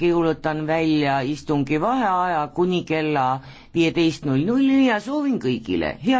kuulutan välja istungi vaheaja kuni kella viieteist null nulli ja soovin kõigile head